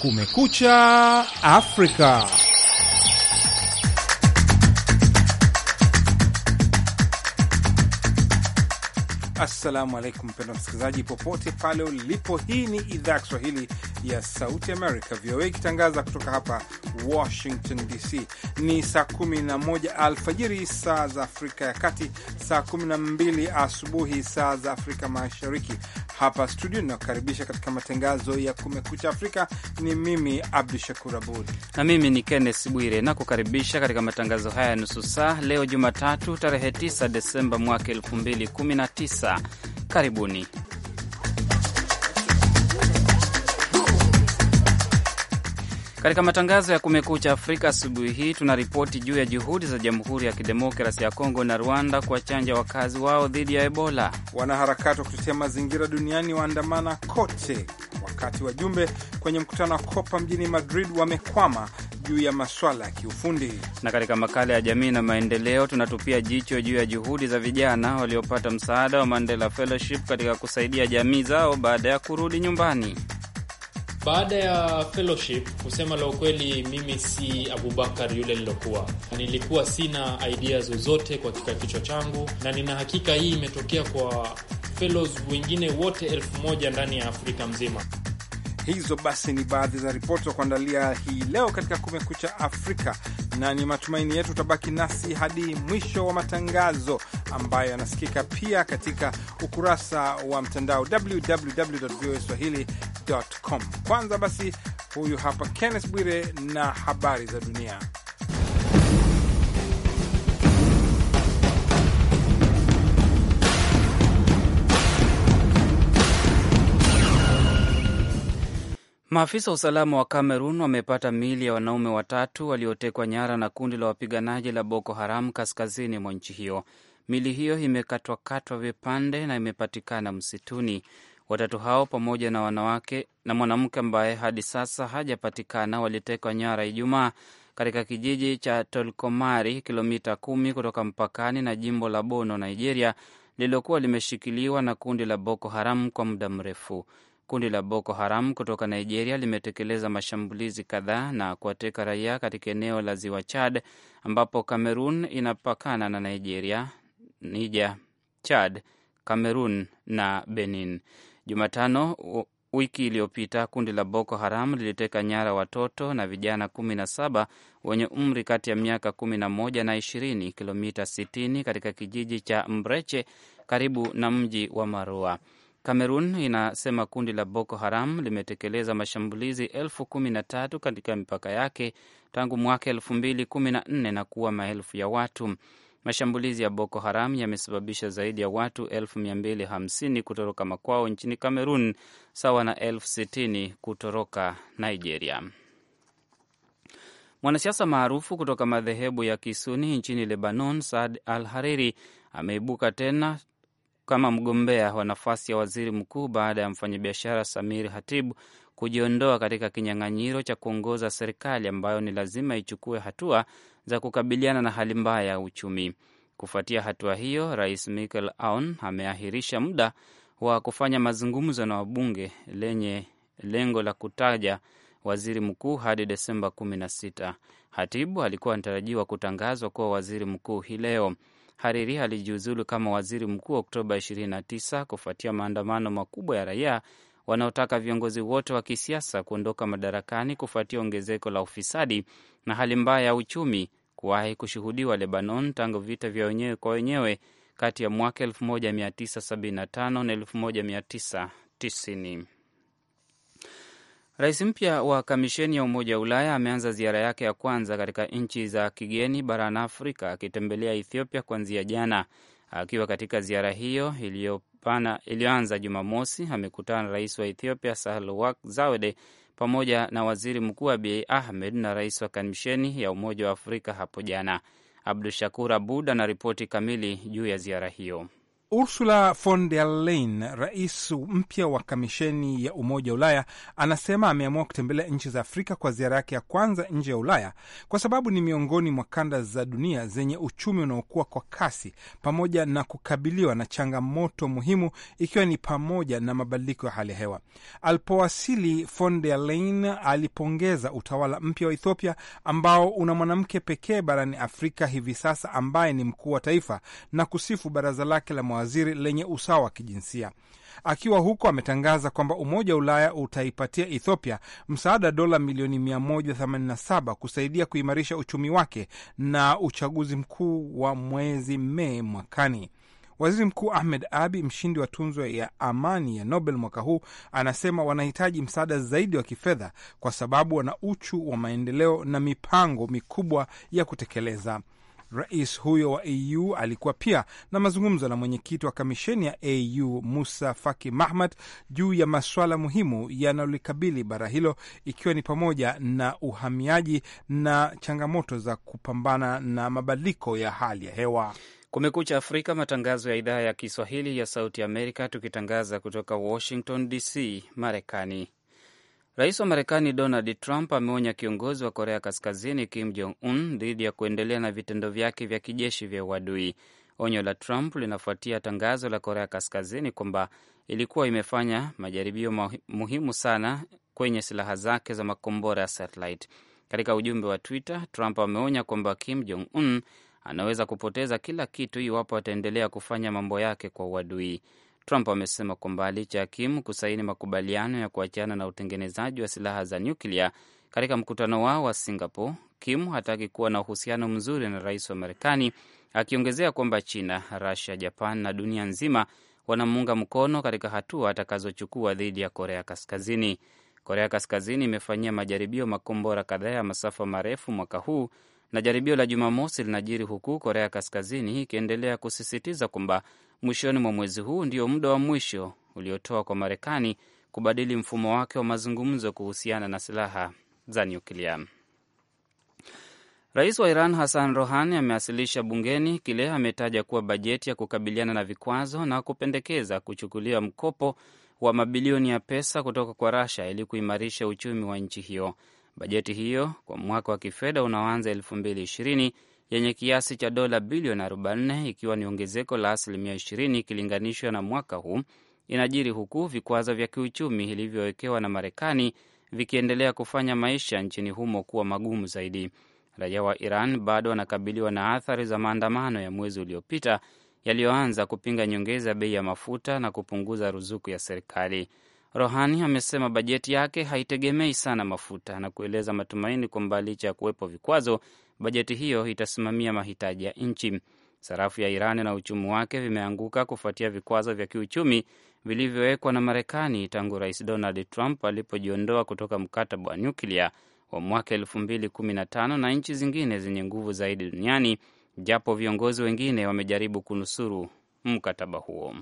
Kumekucha Afrika. Assalamu alaikum, mpendwa msikilizaji, popote pale ulipo. Hii ni idhaa ya Kiswahili ya Sauti Amerika, VOA, ikitangaza kutoka hapa Washington DC. Ni saa 11 alfajiri saa za Afrika ya Kati, saa 12 asubuhi saa za Afrika Mashariki. Hapa studio inayokaribisha katika matangazo ya Kumekucha Afrika ni mimi Abdu Shakur Abud na mimi ni Kennes Bwire, na kukaribisha katika matangazo haya ya nusu saa leo Jumatatu tarehe 9 Desemba mwaka 2019. Karibuni. Katika matangazo ya Kumekucha Afrika asubuhi hii tunaripoti juu ya juhudi za Jamhuri ya Kidemokrasi ya Kongo na Rwanda kuwachanja wakazi wao dhidi ya Ebola. Wanaharakati wa kutetea mazingira duniani waandamana kote, wakati wajumbe kwenye mkutano wa Kopa mjini Madrid wamekwama juu ya maswala ya kiufundi. Na katika makala ya jamii na maendeleo tunatupia jicho juu ya juhudi za vijana waliopata msaada wa Mandela Fellowship katika kusaidia jamii zao baada ya kurudi nyumbani. Baada ya fellowship, kusema la ukweli, mimi si Abubakar yule nilokuwa. Nilikuwa sina idea zozote katika kichwa changu, na nina hakika hii imetokea kwa fellows wengine wote elfu moja ndani ya Afrika mzima. Hizo basi ni baadhi za ripoti za kuandalia hii leo katika Kumekucha Afrika, na ni matumaini yetu utabaki nasi hadi mwisho wa matangazo ambayo yanasikika pia katika ukurasa wa mtandao swahili.com. Kwanza basi, huyu hapa Kenneth Bwire na habari za dunia. Maafisa wa usalama wa Kamerun wamepata miili ya wanaume watatu waliotekwa nyara na kundi la wapiganaji la Boko Haram kaskazini mwa nchi hiyo. Miili hiyo imekatwakatwa vipande na imepatikana msituni. Watatu hao pamoja na wanawake na mwanamke ambaye hadi sasa hajapatikana walitekwa nyara Ijumaa katika kijiji cha Tolkomari, kilomita kumi kutoka mpakani na jimbo la Bono, Nigeria, lililokuwa limeshikiliwa na kundi la Boko Haram kwa muda mrefu. Kundi la Boko Haram kutoka Nigeria limetekeleza mashambulizi kadhaa na kuwateka raia katika eneo la ziwa Chad, ambapo cameron inapakana na Nigeria, Niger, Chad, cameron na Benin. Jumatano wiki iliyopita kundi la Boko Haram liliteka nyara watoto na vijana kumi na saba wenye umri kati ya miaka kumi na moja na ishirini kilomita sitini katika kijiji cha Mbreche karibu na mji wa Marua. Kamerun inasema kundi la Boko Haram limetekeleza mashambulizi elfu kumi na tatu katika mipaka yake tangu mwaka elfu mbili kumi na nne na kuua maelfu ya watu. Mashambulizi ya Boko Haram yamesababisha zaidi ya watu elfu mia mbili hamsini kutoroka makwao nchini Kamerun, sawa na elfu sitini kutoroka Nigeria. Mwanasiasa maarufu kutoka madhehebu ya Kisuni nchini Lebanon, Saad Al Hariri ameibuka tena kama mgombea wa nafasi ya waziri mkuu baada ya mfanyabiashara Samir Hatibu kujiondoa katika kinyang'anyiro cha kuongoza serikali ambayo ni lazima ichukue hatua za kukabiliana na hali mbaya ya uchumi. Kufuatia hatua hiyo, Rais michel Aoun ameahirisha muda wa kufanya mazungumzo na wabunge lenye lengo la kutaja waziri mkuu hadi Desemba 16. Hatibu alikuwa anatarajiwa kutangazwa kuwa waziri mkuu hii leo. Hariri alijiuzulu kama waziri mkuu Oktoba 29 kufuatia maandamano makubwa ya raia wanaotaka viongozi wote wa kisiasa kuondoka madarakani kufuatia ongezeko la ufisadi na hali mbaya ya uchumi kuwahi kushuhudiwa Lebanon tangu vita vya wenyewe kwa wenyewe kati ya mwaka 1975 na 1990. Rais mpya wa kamisheni ya Umoja wa Ulaya ameanza ziara yake ya kwanza katika nchi za kigeni barani Afrika, akitembelea Ethiopia kuanzia jana. Akiwa katika ziara hiyo iliyoanza Jumamosi, amekutana na rais wa Ethiopia Sahle Zawede pamoja na waziri mkuu Abiy Ahmed na rais wa kamisheni ya Umoja wa Afrika hapo jana. Abdu Shakur Abud anaripoti kamili juu ya ziara hiyo. Ursula von der Leyen, rais mpya wa kamisheni ya Umoja wa Ulaya, anasema ameamua kutembelea nchi za Afrika kwa ziara yake ya kwanza nje ya Ulaya kwa sababu ni miongoni mwa kanda za dunia zenye uchumi unaokuwa kwa kasi pamoja na kukabiliwa na changamoto muhimu ikiwa ni pamoja na mabadiliko ya hali ya hewa. Alipowasili, von der Leyen alipongeza utawala mpya wa Ethiopia ambao una mwanamke pekee barani Afrika hivi sasa ambaye ni mkuu wa taifa na kusifu baraza lake la mawaziri lenye usawa wa kijinsia. Akiwa huko ametangaza kwamba Umoja wa Ulaya utaipatia Ethiopia msaada dola milioni 187 kusaidia kuimarisha uchumi wake na uchaguzi mkuu wa mwezi Mei mwakani. Waziri Mkuu Ahmed Abi, mshindi wa tunzo ya amani ya Nobel mwaka huu, anasema wanahitaji msaada zaidi wa kifedha kwa sababu wana uchu wa maendeleo na mipango mikubwa ya kutekeleza. Rais huyo wa AU alikuwa pia na mazungumzo na mwenyekiti wa kamisheni ya AU Musa Faki mahmad juu ya masuala muhimu yanayolikabili bara hilo, ikiwa ni pamoja na uhamiaji na changamoto za kupambana na mabadiliko ya hali ya hewa. Kumekucha Afrika, matangazo ya idhaa ya Kiswahili ya Sauti Amerika, tukitangaza kutoka Washington DC, Marekani. Rais wa Marekani Donald Trump ameonya kiongozi wa Korea Kaskazini Kim Jong Un dhidi ya kuendelea na vitendo vyake vya kijeshi vya uadui. Onyo la Trump linafuatia tangazo la Korea Kaskazini kwamba ilikuwa imefanya majaribio muhimu sana kwenye silaha zake za makombora ya satellite. Katika ujumbe wa Twitter, Trump ameonya kwamba Kim Jong Un anaweza kupoteza kila kitu iwapo ataendelea kufanya mambo yake kwa uadui. Trump amesema kwamba licha ya Kim kusaini makubaliano ya kuachana na utengenezaji wa silaha za nyuklia katika mkutano wao wa Singapore, Kim hataki kuwa na uhusiano mzuri na rais wa Marekani, akiongezea kwamba China, rasia Japan na dunia nzima wanamuunga mkono katika hatua atakazochukua dhidi ya Korea Kaskazini. Korea Kaskazini imefanyia majaribio makombora kadhaa ya masafa marefu mwaka huu na jaribio la Jumamosi linajiri huku Korea Kaskazini ikiendelea kusisitiza kwamba mwishoni mwa mwezi huu ndio muda wa mwisho uliotoa kwa Marekani kubadili mfumo wake wa mazungumzo kuhusiana na silaha za nyuklia. Rais wa Iran Hassan Rohani amewasilisha bungeni kile ametaja kuwa bajeti ya kukabiliana na vikwazo na kupendekeza kuchukulia mkopo wa mabilioni ya pesa kutoka kwa Rasha ili kuimarisha uchumi wa nchi hiyo. Bajeti hiyo kwa mwaka wa kifedha unaoanza 2020 yenye kiasi cha dola bilioni 44 ikiwa ni ongezeko la asilimia 20 ikilinganishwa na mwaka huu, inajiri huku vikwazo vya kiuchumi vilivyowekewa na Marekani vikiendelea kufanya maisha nchini humo kuwa magumu zaidi. Raia wa Iran bado wanakabiliwa na athari za maandamano ya mwezi uliopita yaliyoanza kupinga nyongeza ya bei ya mafuta na kupunguza ruzuku ya serikali. Rohani amesema bajeti yake haitegemei sana mafuta na kueleza matumaini kwamba licha ya kuwepo vikwazo, bajeti hiyo itasimamia mahitaji ya nchi. Sarafu ya Iran na uchumi wake vimeanguka kufuatia vikwazo vya kiuchumi vilivyowekwa na Marekani tangu Rais Donald Trump alipojiondoa kutoka mkataba wa nyuklia wa mwaka 2015 na nchi zingine zenye nguvu zaidi duniani, japo viongozi wengine wamejaribu kunusuru mkataba huo.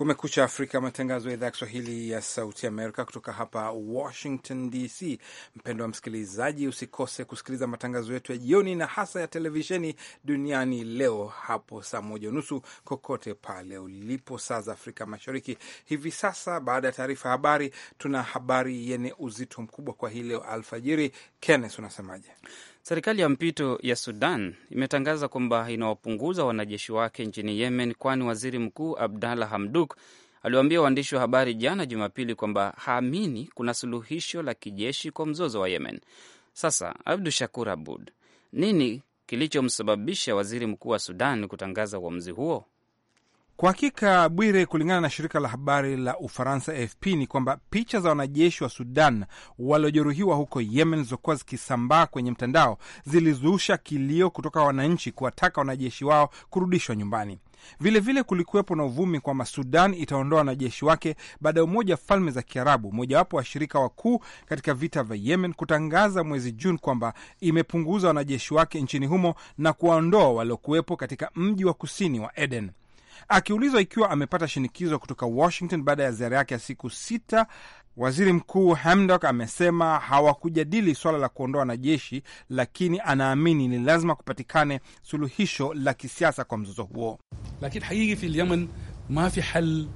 Kumekucha Afrika, matangazo ya idhaa ya Kiswahili ya Sauti Amerika kutoka hapa Washington DC. Mpendwa msikilizaji, usikose kusikiliza matangazo yetu ya jioni na hasa ya televisheni duniani leo hapo saa moja unusu kokote pale ulipo saa za Afrika Mashariki. Hivi sasa, baada ya taarifa ya habari, tuna habari yenye uzito mkubwa kwa hii leo alfajiri. Kenneth, unasemaje? Serikali ya mpito ya Sudan imetangaza kwamba inawapunguza wanajeshi wake nchini Yemen, kwani waziri mkuu Abdalla Hamduk aliwaambia waandishi wa habari jana Jumapili kwamba haamini kuna suluhisho la kijeshi kwa mzozo wa Yemen. Sasa Abdu Shakur Abud, nini kilichomsababisha waziri mkuu wa Sudan kutangaza uamuzi huo? Kwa hakika Bwire, kulingana na shirika la habari la Ufaransa AFP ni kwamba picha za wanajeshi wa Sudan waliojeruhiwa huko Yemen zilizokuwa zikisambaa kwenye mtandao zilizusha kilio kutoka wananchi kuwataka wanajeshi wao kurudishwa nyumbani. Vilevile vile kulikuwepo na uvumi kwamba Sudan itaondoa wanajeshi wake baada ya Umoja wa Falme za Kiarabu, mojawapo washirika wakuu katika vita vya Yemen, kutangaza mwezi Juni kwamba imepunguza wanajeshi wake nchini humo na kuwaondoa waliokuwepo katika mji wa kusini wa edn Akiulizwa ikiwa amepata shinikizo kutoka Washington baada ya ziara yake ya siku sita, waziri mkuu Hamdok amesema hawakujadili swala la kuondoa wanajeshi, lakini anaamini ni lazima kupatikane suluhisho la kisiasa kwa mzozo huo. lakini hakiki fi lyaman ma fi hal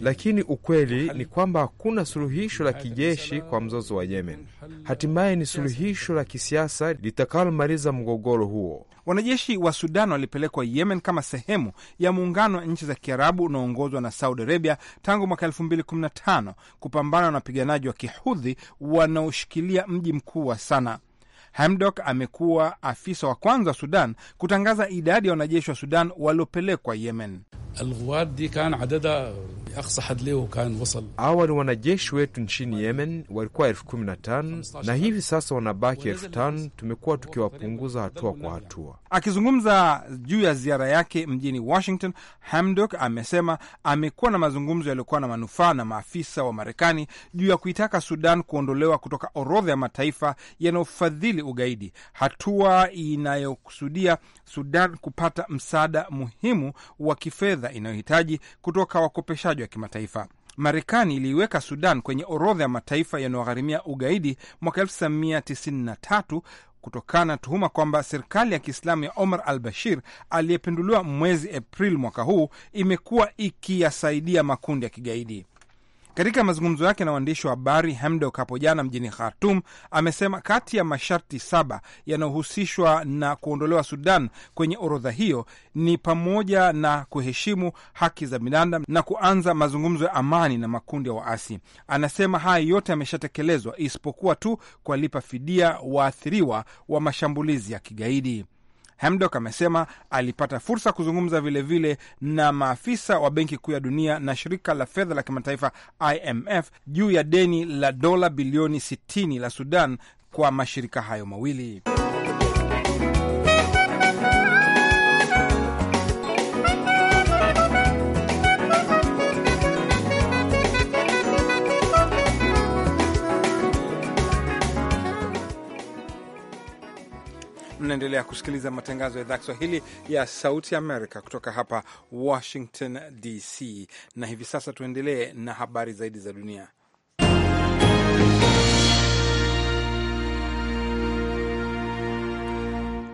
lakini ukweli ni kwamba hakuna suluhisho la kijeshi kwa mzozo wa Yemen. Hatimaye ni suluhisho la kisiasa litakalomaliza mgogoro huo. Wanajeshi wa Sudan walipelekwa Yemen kama sehemu ya muungano wa nchi za Kiarabu unaoongozwa na Saudi Arabia tangu mwaka 215 kupambana na wapiganaji wa Kihudhi wanaoshikilia mji mkuu wa Sana. Hamdok amekuwa afisa wa kwanza wa Sudan kutangaza idadi ya wanajeshi wa Sudan waliopelekwa Yemen. الغوات دي كان عددها Al-Aqsa kan wasal. Awali wanajeshi wetu nchini Yemen walikuwa elfu kumi na tano na hivi sasa wanabaki elfu tano Tumekuwa tukiwapunguza hatua kwa hatua. Akizungumza juu ya ziara yake mjini Washington, Hamdok amesema amekuwa na mazungumzo yaliyokuwa na manufaa na maafisa wa Marekani juu ya kuitaka Sudan kuondolewa kutoka orodha ya mataifa yanayofadhili ugaidi, hatua inayokusudia Sudan kupata msaada muhimu wa kifedha inayohitaji kutoka wakopeshaji wa kimataifa. Marekani iliiweka Sudan kwenye orodha ya mataifa yanayogharimia ugaidi mwaka 1993 kutokana na tuhuma kwamba serikali ya Kiislamu ya Omar al Bashir aliyepinduliwa mwezi Aprili mwaka huu imekuwa ikiyasaidia makundi ya kigaidi. Katika mazungumzo yake na waandishi wa habari, Hamdok hapo jana mjini Khartum amesema kati ya masharti saba yanayohusishwa na kuondolewa Sudan kwenye orodha hiyo ni pamoja na kuheshimu haki za binadamu na kuanza mazungumzo ya amani na makundi ya waasi. Anasema haya yote yameshatekelezwa isipokuwa tu kuwalipa fidia waathiriwa wa mashambulizi ya kigaidi. Hamdok amesema alipata fursa kuzungumza vilevile vile na maafisa wa Benki Kuu ya Dunia na shirika la fedha la kimataifa IMF juu ya deni la dola bilioni 60 la Sudan kwa mashirika hayo mawili. Mnaendelea kusikiliza matangazo ya idhaa Kiswahili ya Sauti Amerika kutoka hapa Washington DC, na hivi sasa tuendelee na habari zaidi za dunia.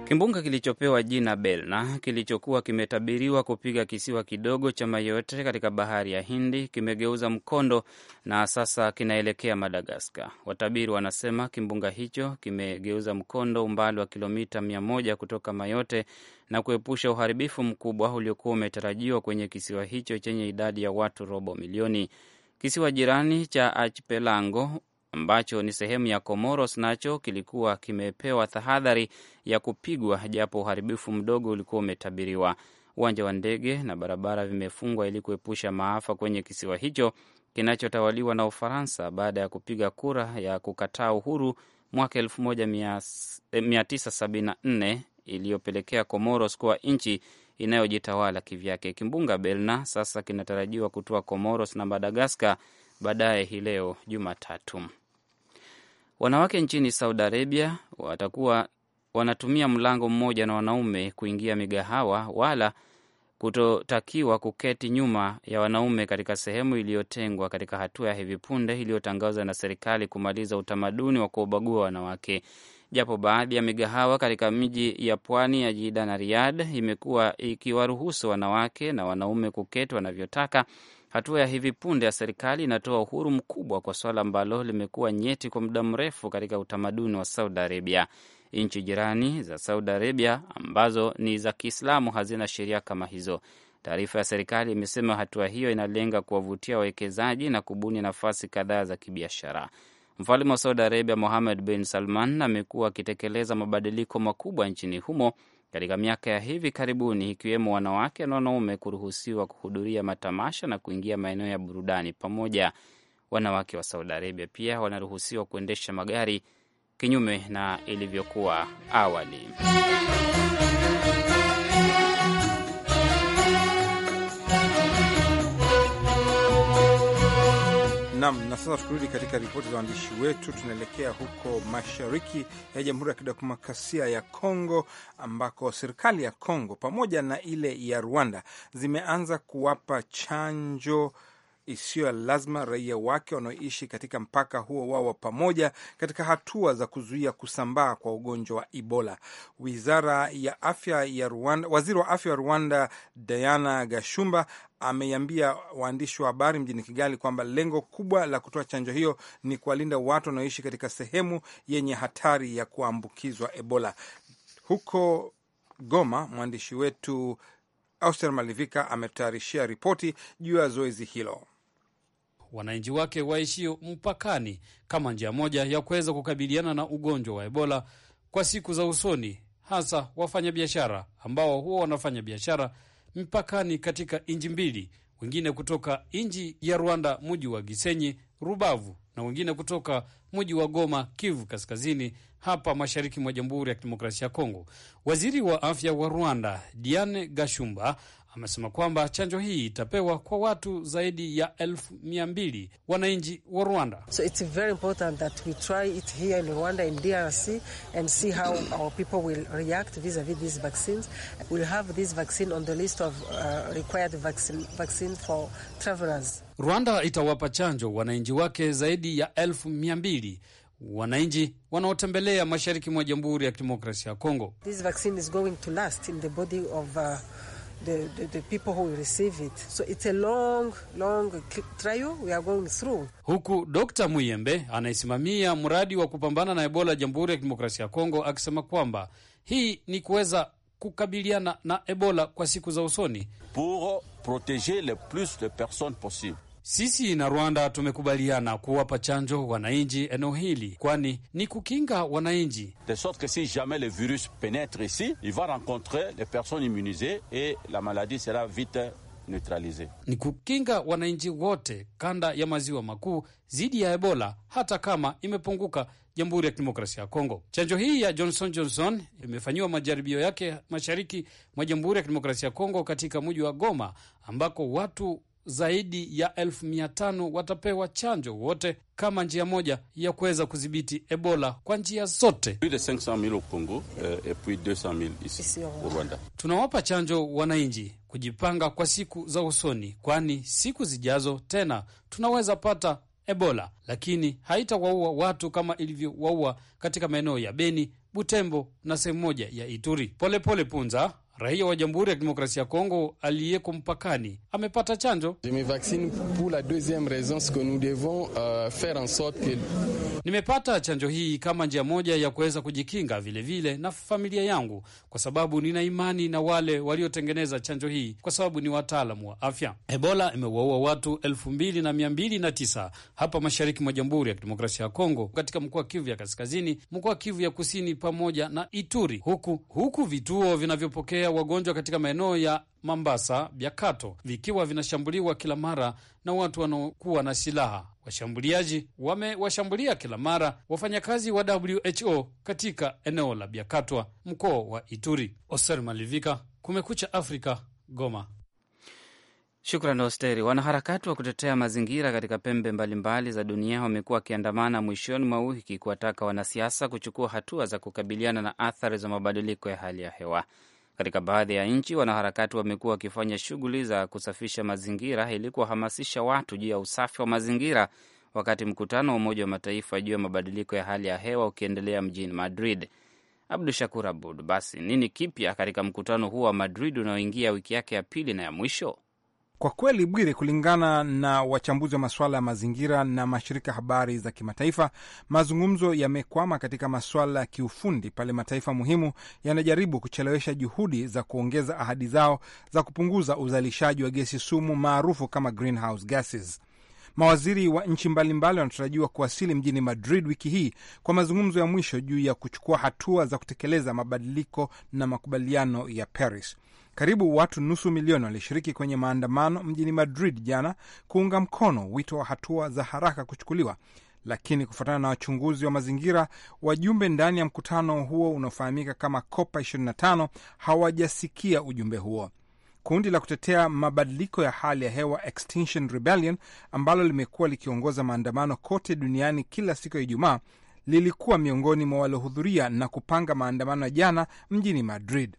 Kimbunga kilichopewa jina Belna kilichokuwa kimetabiriwa kupiga kisiwa kidogo cha Mayotte katika bahari ya Hindi kimegeuza mkondo na sasa kinaelekea Madagaskar. Watabiri wanasema kimbunga hicho kimegeuza mkondo umbali wa kilomita mia moja kutoka Mayotte na kuepusha uharibifu mkubwa uliokuwa umetarajiwa kwenye kisiwa hicho chenye idadi ya watu robo milioni. Kisiwa jirani cha Archipelago ambacho ni sehemu ya Comoros nacho kilikuwa kimepewa tahadhari ya kupigwa, japo uharibifu mdogo ulikuwa umetabiriwa. Uwanja wa ndege na barabara vimefungwa ili kuepusha maafa kwenye kisiwa hicho kinachotawaliwa na Ufaransa baada ya kupiga kura ya kukataa uhuru mwaka 1974 iliyopelekea Comoros kuwa nchi inayojitawala kivyake. Kimbunga Belna sasa kinatarajiwa kutoa Comoros na Madagaskar baadaye hii leo Jumatatu. Wanawake nchini Saudi Arabia watakuwa wanatumia mlango mmoja na wanaume kuingia migahawa, wala kutotakiwa kuketi nyuma ya wanaume katika sehemu iliyotengwa, katika hatua ya hivi punde iliyotangazwa na serikali kumaliza utamaduni wa kuwabagua wanawake. Japo baadhi ya migahawa katika miji ya pwani ya Jida na Riyadh imekuwa ikiwaruhusu wanawake na wanaume kuketi wanavyotaka Hatua ya hivi punde ya serikali inatoa uhuru mkubwa kwa suala ambalo limekuwa nyeti kwa muda mrefu katika utamaduni wa Saudi Arabia. Nchi jirani za Saudi Arabia ambazo ni za Kiislamu hazina sheria kama hizo. Taarifa ya serikali imesema hatua hiyo inalenga kuwavutia wawekezaji na kubuni nafasi kadhaa za kibiashara. Mfalme wa Saudi Arabia Mohammed bin Salman amekuwa akitekeleza mabadiliko makubwa nchini humo katika miaka ya hivi karibuni, ikiwemo wanawake na wanaume kuruhusiwa kuhudhuria matamasha na kuingia maeneo ya burudani pamoja. Wanawake wa Saudi Arabia pia wanaruhusiwa kuendesha magari kinyume na ilivyokuwa awali. Nam, na sasa tukirudi katika ripoti za waandishi wetu, tunaelekea huko mashariki ya Jamhuri ya Kidemokrasia ya Kongo ambako serikali ya Kongo pamoja na ile ya Rwanda zimeanza kuwapa chanjo isiyo ya lazima raia wake wanaoishi katika mpaka huo wao wa pamoja katika hatua za kuzuia kusambaa kwa ugonjwa wa Ebola. Wizara ya afya ya Rwanda, waziri wa afya wa Rwanda Diana Gashumba ameiambia waandishi wa habari mjini Kigali kwamba lengo kubwa la kutoa chanjo hiyo ni kuwalinda watu wanaoishi katika sehemu yenye hatari ya kuambukizwa Ebola. Huko Goma, mwandishi wetu Auster Malivika ametayarishia ripoti juu ya zoezi hilo wananchi wake waishio mpakani kama njia moja ya kuweza kukabiliana na ugonjwa wa Ebola kwa siku za usoni, hasa wafanyabiashara ambao huwa wanafanya biashara mpakani katika nchi mbili, wengine kutoka nchi ya Rwanda, mji wa Gisenyi, Rubavu, na wengine kutoka mji wa Goma, Kivu Kaskazini, hapa mashariki mwa Jamhuri ya Kidemokrasia ya Kongo. Waziri wa afya wa Rwanda Diane Gashumba amesema kwamba chanjo hii itapewa kwa watu zaidi ya elfu mia mbili wananchi wa Rwanda. So it's very important that we try it here in Rwanda in DRC and see how our people will react vis-a-vis these vaccines. We'll have this vaccine on the list of uh, required vaccine, vaccine for travelers. Rwanda itawapa chanjo wananchi wake zaidi ya elfu mia mbili wananchi wanaotembelea mashariki mwa Jamhuri ya Kidemokrasia ya Kongo. This vaccine is going to last in the body of uh, the, the, the people who receive it. So it's a long, long trial we are going through. Huku Dr. Muyembe anaisimamia mradi wa kupambana na Ebola Jamhuri ya Kidemokrasia ya Kongo akisema kwamba hii ni kuweza kukabiliana na Ebola kwa siku za usoni pour proteger le plus de personnes possible sisi na Rwanda tumekubaliana kuwapa chanjo wananchi eneo hili, kwani ni kukinga wananchi de sorte que si jamais le virus penetre ici il va rencontrer les personnes et la maladie sera vite Ni kukinga wananchi wote kanda ya maziwa makuu dhidi ya Ebola, hata kama imepunguka Jamhuri ya Kidemokrasia ya Kongo. Chanjo hii ya Johnson Johnson imefanyiwa majaribio yake mashariki mwa Jamhuri ya Kidemokrasia ya Kongo, katika mji wa Goma ambako watu zaidi ya elfu mia tano watapewa chanjo wote kama njia moja ya kuweza kudhibiti Ebola kwa njia zote. Euh, Tunawapa chanjo wananchi kujipanga kwa siku za usoni, kwani siku zijazo tena tunaweza pata Ebola, lakini haitawaua watu kama ilivyowaua katika maeneo ya Beni, Butembo na sehemu moja ya Ituri. Polepole pole Punza Raia wa Jamhuri ya Kidemokrasia ya Kongo aliyeko mpakani amepata chanjo. Euh, Nimepata chanjo hii kama njia moja ya kuweza kujikinga vilevile vile na familia yangu, kwa sababu nina imani na wale waliotengeneza chanjo hii, kwa sababu ni wataalamu wa afya. Ebola imewaua watu elfu mbili na mia mbili na tisa hapa mashariki mwa Jamhuri ya Kidemokrasia ya Kongo, katika mkoa wa Kivu ya Kaskazini, mkoa wa Kivu ya Kusini pamoja na Ituri, huku huku vituo vinavyopokea kupokea wagonjwa katika maeneo ya Mambasa, biakato vikiwa vinashambuliwa kila mara na watu wanaokuwa na silaha. Washambuliaji wamewashambulia kila mara wafanyakazi wa WHO katika eneo la biakatwa mkoa wa Ituri. Oser Malivika, Kumekucha Afrika, Goma. Shukran Osteri. Wanaharakati wa kutetea mazingira katika pembe mbalimbali za dunia wamekuwa wakiandamana mwishoni mwa wiki kuwataka wanasiasa kuchukua hatua za kukabiliana na athari za mabadiliko ya hali ya hewa. Katika baadhi ya nchi, wanaharakati wamekuwa wakifanya shughuli za kusafisha mazingira ili kuwahamasisha watu juu ya usafi wa mazingira, wakati mkutano wa Umoja wa Mataifa juu ya mabadiliko ya hali ya hewa ukiendelea mjini Madrid. Abdu Shakur Abud, basi nini kipya katika mkutano huo wa Madrid unaoingia wiki yake ya pili na ya mwisho? Kwa kweli, Bwire, kulingana na wachambuzi wa masuala ya mazingira na mashirika habari za kimataifa, mazungumzo yamekwama katika masuala ya kiufundi pale mataifa muhimu yanajaribu kuchelewesha juhudi za kuongeza ahadi zao za kupunguza uzalishaji wa gesi sumu maarufu kama greenhouse gases. Mawaziri wa nchi mbalimbali wanatarajiwa kuwasili mjini Madrid wiki hii kwa mazungumzo ya mwisho juu ya kuchukua hatua za kutekeleza mabadiliko na makubaliano ya Paris. Karibu watu nusu milioni walishiriki kwenye maandamano mjini Madrid jana kuunga mkono wito wa hatua za haraka kuchukuliwa, lakini kufuatana na wachunguzi wa mazingira, wajumbe ndani ya mkutano huo unaofahamika kama Kopa 25 hawajasikia ujumbe huo. Kundi la kutetea mabadiliko ya hali ya hewa Extinction Rebellion ambalo limekuwa likiongoza maandamano kote duniani kila siku ya Ijumaa lilikuwa miongoni mwa waliohudhuria na kupanga maandamano ya jana mjini Madrid.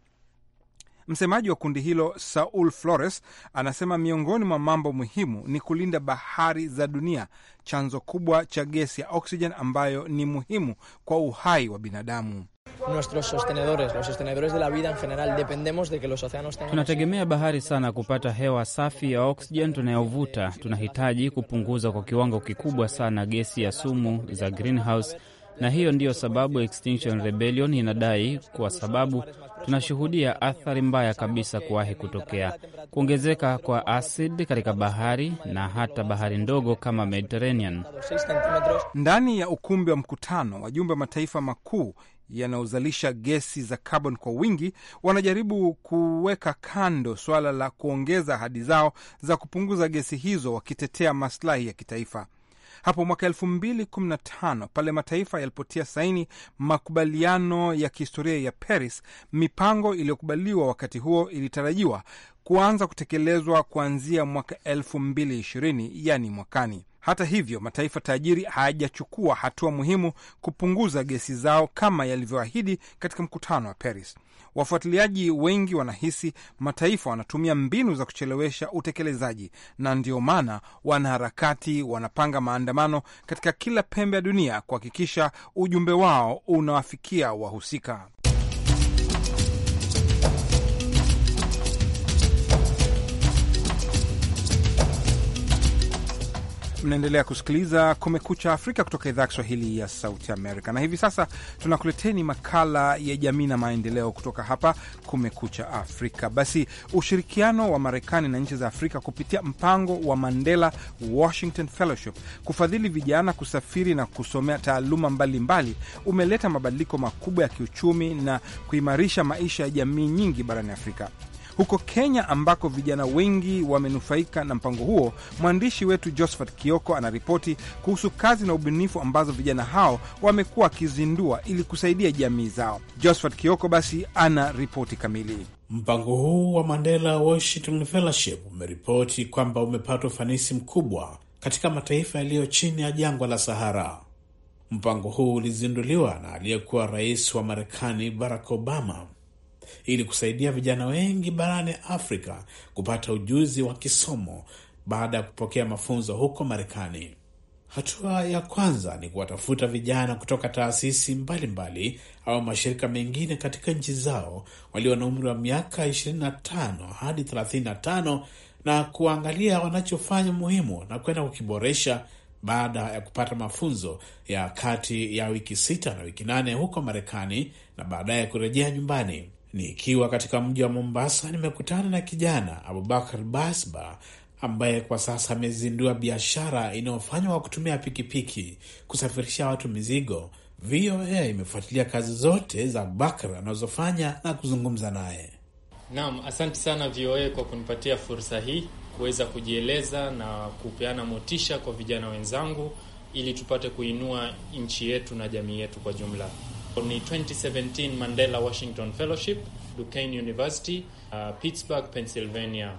Msemaji wa kundi hilo Saul Flores anasema miongoni mwa mambo muhimu ni kulinda bahari za dunia, chanzo kubwa cha gesi ya oksijen ambayo ni muhimu kwa uhai wa binadamu. Tunategemea bahari sana kupata hewa safi ya oksijeni tunayovuta. Tunahitaji kupunguza kwa kiwango kikubwa sana gesi ya sumu za greenhouse na hiyo ndiyo sababu Extinction Rebellion inadai, kwa sababu tunashuhudia athari mbaya kabisa kuwahi kutokea: kuongezeka kwa asidi katika bahari na hata bahari ndogo kama Mediterranean. Ndani ya ukumbi wa mkutano, wajumbe wa mataifa makuu yanayozalisha gesi za carbon kwa wingi wanajaribu kuweka kando suala la kuongeza ahadi zao za kupunguza gesi hizo, wakitetea maslahi ya kitaifa hapo mwaka 2015 pale mataifa yalipotia saini makubaliano ya kihistoria ya Paris. Mipango iliyokubaliwa wakati huo ilitarajiwa kuanza kutekelezwa kuanzia mwaka 2020 yani mwakani. Hata hivyo, mataifa tajiri hayajachukua hatua muhimu kupunguza gesi zao kama yalivyoahidi katika mkutano wa Paris. Wafuatiliaji wengi wanahisi mataifa wanatumia mbinu za kuchelewesha utekelezaji, na ndio maana wanaharakati wanapanga maandamano katika kila pembe ya dunia kuhakikisha ujumbe wao unawafikia wahusika. Mnaendelea kusikiliza Kumekucha Afrika kutoka idhaa ya Kiswahili ya Sauti Amerika, na hivi sasa tunakuleteni makala ya jamii na maendeleo kutoka hapa Kumekucha Afrika. Basi, ushirikiano wa Marekani na nchi za Afrika kupitia mpango wa Mandela Washington Fellowship kufadhili vijana kusafiri na kusomea taaluma mbalimbali mbali, umeleta mabadiliko makubwa ya kiuchumi na kuimarisha maisha ya jamii nyingi barani Afrika huko Kenya, ambako vijana wengi wamenufaika na mpango huo. Mwandishi wetu Josephat Kioko anaripoti kuhusu kazi na ubunifu ambazo vijana hao wamekuwa wakizindua ili kusaidia jamii zao. Josephat Kioko basi ana ripoti kamili. Mpango huu wa Mandela Washington Fellowship umeripoti kwamba umepata ufanisi mkubwa katika mataifa yaliyo chini ya jangwa la Sahara. Mpango huu ulizinduliwa na aliyekuwa rais wa Marekani Barack Obama ili kusaidia vijana wengi barani Afrika kupata ujuzi wa kisomo baada ya kupokea mafunzo huko Marekani. Hatua ya kwanza ni kuwatafuta vijana kutoka taasisi mbalimbali mbali, au mashirika mengine katika nchi zao walio na umri wa miaka 25 hadi 35 na kuangalia wanachofanya muhimu na kwenda kukiboresha baada ya kupata mafunzo ya kati ya wiki sita na wiki nane huko Marekani na baadaye kurejea nyumbani. Nikiwa katika mji wa Mombasa, nimekutana na kijana Abubakar Basba ambaye kwa sasa amezindua biashara inayofanywa kwa kutumia pikipiki kusafirisha watu mizigo. VOA imefuatilia kazi zote za Abubakar anazofanya na kuzungumza naye. Naam, asante sana VOA kwa kunipatia fursa hii kuweza kujieleza na kupeana motisha kwa vijana wenzangu ili tupate kuinua nchi yetu na jamii yetu kwa jumla. Ni 2017 Mandela Washington Fellowship, Duquesne University, uh, Pittsburgh, Pennsylvania.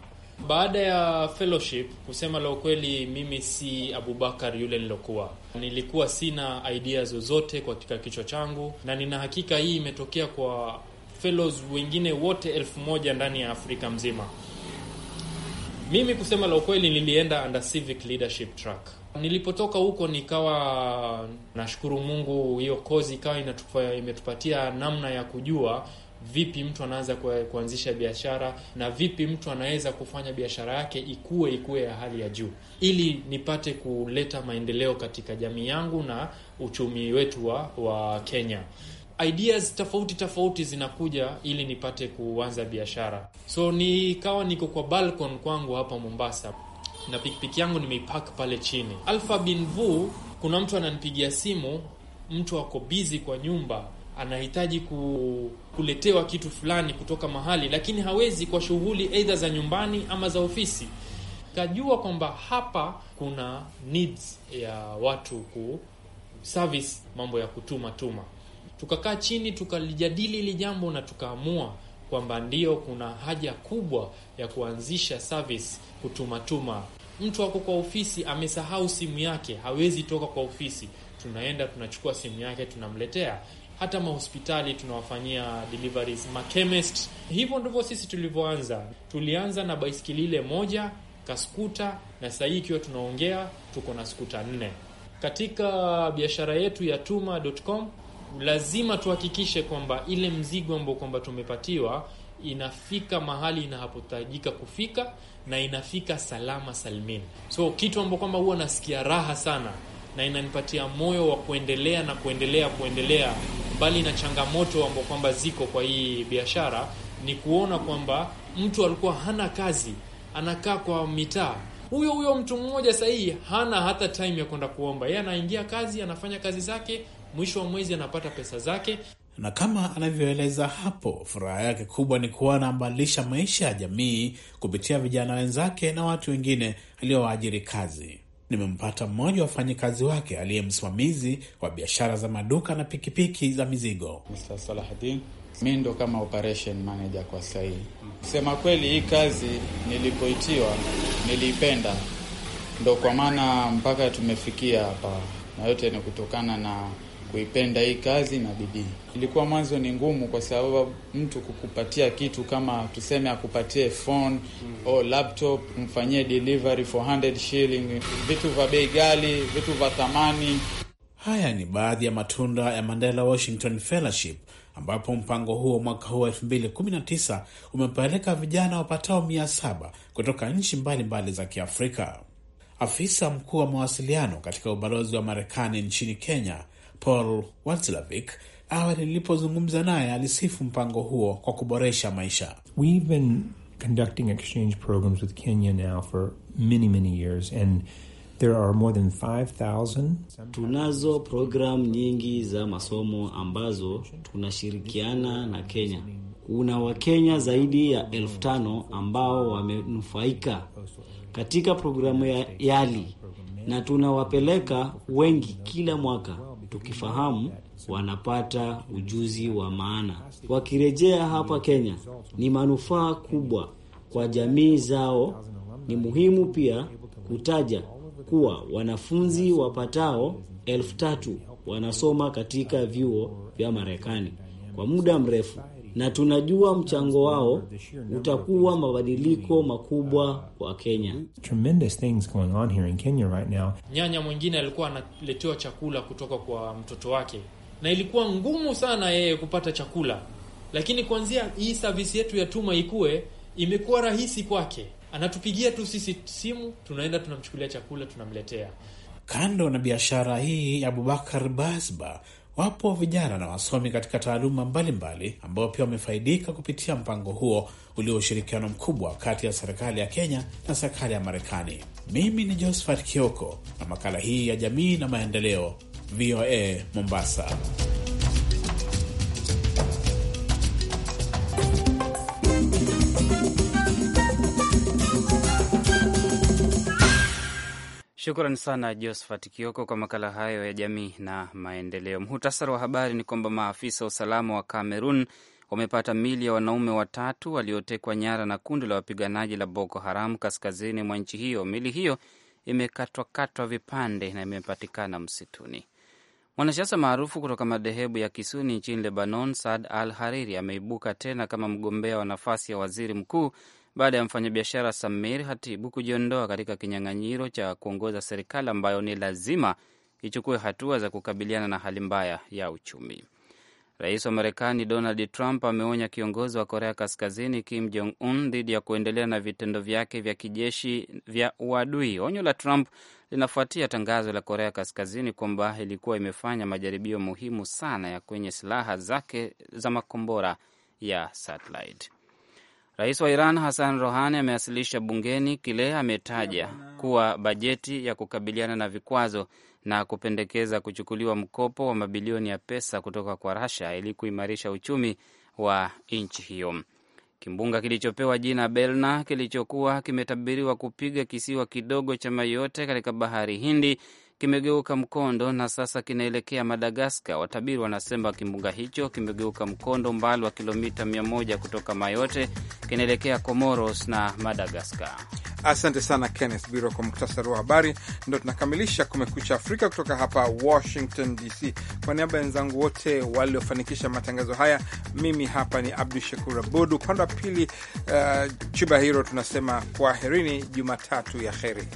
Baada ya fellowship, kusema la ukweli, mimi si Abubakar yule nilokuwa. Nilikuwa sina idea zozote katika kichwa changu, na nina hakika hii imetokea kwa fellows wengine wote elfu moja ndani ya Afrika mzima. Mimi kusema la ukweli, nilienda under civic leadership track Nilipotoka huko nikawa nashukuru Mungu, hiyo kozi ikawa inatupa, imetupatia namna ya kujua vipi mtu anaweza kuanzisha biashara na vipi mtu anaweza kufanya biashara yake ikue ikue ya hali ya juu, ili nipate kuleta maendeleo katika jamii yangu na uchumi wetu wa, wa Kenya. Ideas tofauti tofauti zinakuja ili nipate kuanza biashara, so nikawa niko kwa balcon kwangu hapa Mombasa na pikipiki yangu nimeipak pale chini. Alfa bin Vu, kuna mtu ananipigia simu, mtu ako bizi kwa nyumba anahitaji ku, kuletewa kitu fulani kutoka mahali, lakini hawezi kwa shughuli aidha za nyumbani ama za ofisi. Kajua kwamba hapa kuna needs ya watu ku service mambo ya kutuma tuma. Tukakaa chini tukalijadili hili jambo na tukaamua kwamba ndio kuna haja kubwa ya kuanzisha service kutumatuma. Mtu ako kwa ofisi amesahau simu yake, hawezi toka kwa ofisi, tunaenda tunachukua simu yake tunamletea. Hata mahospitali tunawafanyia deliveries, machemist. Hivyo ndivyo sisi tulivyoanza. Tulianza na baiskeli ile moja kaskuta, na sasa hii ikiwa tunaongea tuko na skuta nne. Katika biashara yetu ya tuma.com lazima tuhakikishe kwamba ile mzigo ambao kwamba tumepatiwa inafika mahali inapotajika kufika na inafika salama salmin. So kitu ambao kwamba huwa nasikia raha sana na inanipatia moyo wa kuendelea na kuendelea kuendelea, mbali na changamoto ambao kwamba ziko kwa hii biashara, ni kuona kwamba mtu alikuwa hana kazi, anakaa kwa mitaa huyo huyo mtu mmoja sahihi hana hata time ya kwenda kuomba, yeye anaingia kazi, anafanya kazi zake, mwisho wa mwezi anapata pesa zake. Na kama anavyoeleza hapo, furaha yake kubwa ni kuwa ambadilisha maisha ya jamii kupitia vijana wenzake na watu wengine aliowaajiri kazi. Nimempata mmoja wa wafanyikazi wake aliye msimamizi wa biashara za maduka na pikipiki za mizigo. Mr. Salahadin, mi ndo kama operation manager kwa sasa Kusema kweli, hii kazi nilipoitiwa niliipenda, ndo kwa maana mpaka tumefikia hapa, na yote ni kutokana na kuipenda hii kazi na bidii. Ilikuwa mwanzo ni ngumu, kwa sababu mtu kukupatia kitu kama tuseme akupatie phone au hmm. laptop, mfanyie delivery 100 shilling, vitu vya bei ghali, vitu vya thamani. Haya ni baadhi ya matunda ya Mandela Washington Fellowship ambapo mpango huo mwaka huu 2019 umepeleka vijana wapatao 700 kutoka nchi mbalimbali za Kiafrika. Afisa mkuu wa mawasiliano katika ubalozi wa Marekani nchini Kenya Paul Watslavik awali nilipozungumza naye alisifu mpango huo kwa kuboresha maisha. We've been conducting exchange programs with Kenya now for many, many years and There are more than 5,000. Tunazo programu nyingi za masomo ambazo tunashirikiana na Kenya. Kuna Wakenya zaidi ya elfu tano ambao wamenufaika katika programu ya YALI na tunawapeleka wengi kila mwaka tukifahamu wanapata ujuzi wa maana. Wakirejea hapa Kenya ni manufaa kubwa kwa jamii zao. Ni muhimu pia kutaja kuwa wanafunzi wapatao elfu tatu wanasoma katika vyuo vya Marekani kwa muda mrefu na tunajua mchango wao utakuwa mabadiliko makubwa kwa Kenya. Nyanya mwingine alikuwa analetewa chakula kutoka kwa mtoto wake, na ilikuwa ngumu sana yeye kupata chakula, lakini kuanzia hii savisi yetu ya Tuma Ikue imekuwa rahisi kwake. Anatupigia tu sisi simu, tunaenda tunamchukulia chakula, tunamletea. Kando na biashara hii, Abubakar Basba Wapo vijana na wasomi katika taaluma mbalimbali ambao pia wamefaidika kupitia mpango huo ulio ushirikiano mkubwa kati ya serikali ya Kenya na serikali ya Marekani. Mimi ni Josephat Kioko na makala hii ya jamii na maendeleo, VOA Mombasa. Shukran sana Josphat Kioko kwa makala hayo ya jamii na maendeleo. mhutasari wa habari ni kwamba maafisa wa usalama wa Kamerun wamepata mili ya wanaume watatu waliotekwa nyara na kundi la wapiganaji la Boko Haram kaskazini mwa nchi hiyo. Mili hiyo imekatwakatwa vipande na imepatikana msituni. Mwanasiasa maarufu kutoka madhehebu ya Kisuni nchini Lebanon, Saad Al Hariri ameibuka tena kama mgombea wa nafasi ya waziri mkuu baada ya mfanyabiashara Samir Hatibu kujiondoa katika kinyang'anyiro cha kuongoza serikali ambayo ni lazima ichukue hatua za kukabiliana na hali mbaya ya uchumi. Rais wa Marekani Donald Trump ameonya kiongozi wa Korea Kaskazini Kim Jong Un dhidi ya kuendelea na vitendo vyake vya kijeshi vya uadui. Onyo la Trump linafuatia tangazo la Korea Kaskazini kwamba ilikuwa imefanya majaribio muhimu sana ya kwenye silaha zake za makombora ya satellite. Rais wa Iran Hassan Rohani amewasilisha bungeni kile ametaja kuwa bajeti ya kukabiliana na vikwazo na kupendekeza kuchukuliwa mkopo wa mabilioni ya pesa kutoka kwa rasha ili kuimarisha uchumi wa nchi hiyo. Kimbunga kilichopewa jina Belna kilichokuwa kimetabiriwa kupiga kisiwa kidogo cha Mayotte katika bahari Hindi kimegeuka mkondo na sasa kinaelekea Madagaskar. Watabiri wanasema kimbunga hicho kimegeuka mkondo umbali wa kilomita 100 kutoka Mayote, kinaelekea Comoros na Madagaskar. Asante sana Kenneth Biro kwa muktasari wa habari. Ndo tunakamilisha Kumekucha Afrika kutoka hapa Washington DC. Kwa niaba ya wenzangu wote waliofanikisha matangazo haya, mimi hapa ni Abdu Shakur Abud, upande wa pili uh, Chuba Hiro, tunasema kwaherini, Jumatatu ya heri.